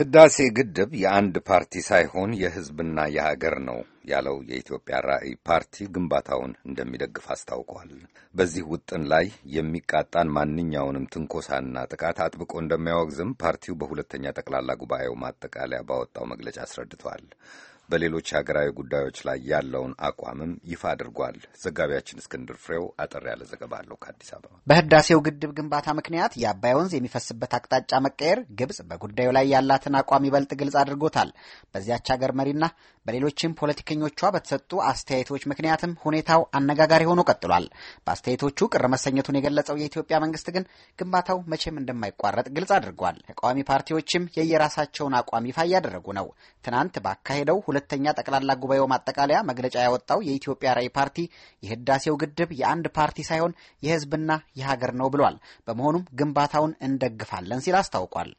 ህዳሴ ግድብ የአንድ ፓርቲ ሳይሆን የህዝብና የሀገር ነው ያለው የኢትዮጵያ ራዕይ ፓርቲ ግንባታውን እንደሚደግፍ አስታውቋል። በዚህ ውጥን ላይ የሚቃጣን ማንኛውንም ትንኮሳና ጥቃት አጥብቆ እንደሚያወግዝም ፓርቲው በሁለተኛ ጠቅላላ ጉባኤው ማጠቃለያ ባወጣው መግለጫ አስረድቷል። በሌሎች ሀገራዊ ጉዳዮች ላይ ያለውን አቋምም ይፋ አድርጓል። ዘጋቢያችን እስክንድር ፍሬው አጠር ያለ ዘገባ አለው ከአዲስ አበባ። በህዳሴው ግድብ ግንባታ ምክንያት የአባይ ወንዝ የሚፈስበት አቅጣጫ መቀየር ግብጽ በጉዳዩ ላይ ያላትን አቋም ይበልጥ ግልጽ አድርጎታል። በዚያች ሀገር መሪና በሌሎችም ፖለቲከኞቿ በተሰጡ አስተያየቶች ምክንያትም ሁኔታው አነጋጋሪ ሆኖ ቀጥሏል። በአስተያየቶቹ ቅር መሰኘቱን የገለጸው የኢትዮጵያ መንግስት ግን ግንባታው መቼም እንደማይቋረጥ ግልጽ አድርጓል። ተቃዋሚ ፓርቲዎችም የየራሳቸውን አቋም ይፋ እያደረጉ ነው። ትናንት ባካሄደው ሁለ ሁለተኛ ጠቅላላ ጉባኤው ማጠቃለያ መግለጫ ያወጣው የኢትዮጵያ ራዕይ ፓርቲ የህዳሴው ግድብ የአንድ ፓርቲ ሳይሆን የህዝብና የሀገር ነው ብሏል። በመሆኑም ግንባታውን እንደግፋለን ሲል አስታውቋል።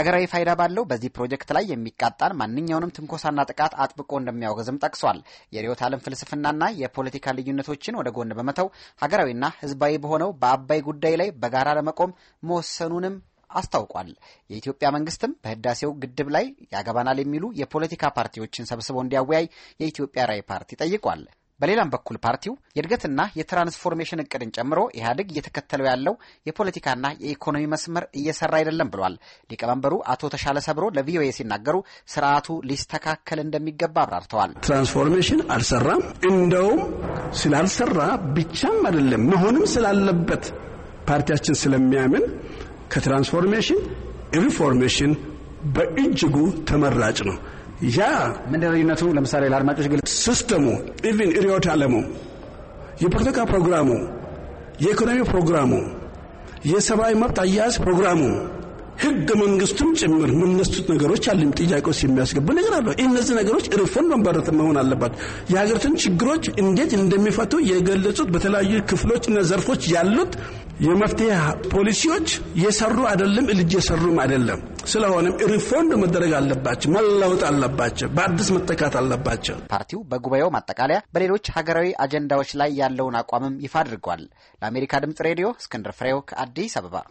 አገራዊ ፋይዳ ባለው በዚህ ፕሮጀክት ላይ የሚቃጣን ማንኛውንም ትንኮሳና ጥቃት አጥብቆ እንደሚያወግዝም ጠቅሷል። የርዕዮተ ዓለም ፍልስፍናና የፖለቲካ ልዩነቶችን ወደ ጎን በመተው ሀገራዊና ህዝባዊ በሆነው በአባይ ጉዳይ ላይ በጋራ ለመቆም መወሰኑንም አስታውቋል። የኢትዮጵያ መንግስትም በህዳሴው ግድብ ላይ ያገባናል የሚሉ የፖለቲካ ፓርቲዎችን ሰብስቦ እንዲያወያይ የኢትዮጵያ ራዕይ ፓርቲ ጠይቋል። በሌላም በኩል ፓርቲው የእድገትና የትራንስፎርሜሽን እቅድን ጨምሮ ኢህአዴግ እየተከተለው ያለው የፖለቲካና የኢኮኖሚ መስመር እየሰራ አይደለም ብሏል። ሊቀመንበሩ አቶ ተሻለ ሰብሮ ለቪኦኤ ሲናገሩ ስርዓቱ ሊስተካከል እንደሚገባ አብራርተዋል። ትራንስፎርሜሽን አልሰራም። እንደውም ስላልሰራ ብቻም አይደለም መሆንም ስላለበት ፓርቲያችን ስለሚያምን ከትራንስፎርሜሽን ሪፎርሜሽን በእጅጉ ተመራጭ ነው። ያ ምንድን ልዩነቱ? ለምሳሌ ለአድማጮች ግል ሲስተሙ ኢቭን ርዕዮተ አለሙ የፖለቲካ ፕሮግራሙ፣ የኢኮኖሚ ፕሮግራሙ፣ የሰብአዊ መብት አያያዝ ፕሮግራሙ፣ ህገ መንግስቱም ጭምር የምነሱት ነገሮች አለም ጥያቄዎች የሚያስገቡ ነገር አለ። እነዚህ ነገሮች ሪፎርም መንበረት መሆን አለባት። የሀገሪቱን ችግሮች እንዴት እንደሚፈቱ የገለጹት በተለያዩ ክፍሎችና ዘርፎች ያሉት የመፍትሄ ፖሊሲዎች የሰሩ አይደለም፣ ልጅ የሰሩም አይደለም። ስለሆነም ሪፎንድ መደረግ አለባቸው፣ መለወጥ አለባቸው፣ በአዲስ መተካት አለባቸው። ፓርቲው በጉባኤው ማጠቃለያ በሌሎች ሀገራዊ አጀንዳዎች ላይ ያለውን አቋምም ይፋ አድርጓል። ለአሜሪካ ድምጽ ሬዲዮ እስክንድር ፍሬው ከአዲስ አበባ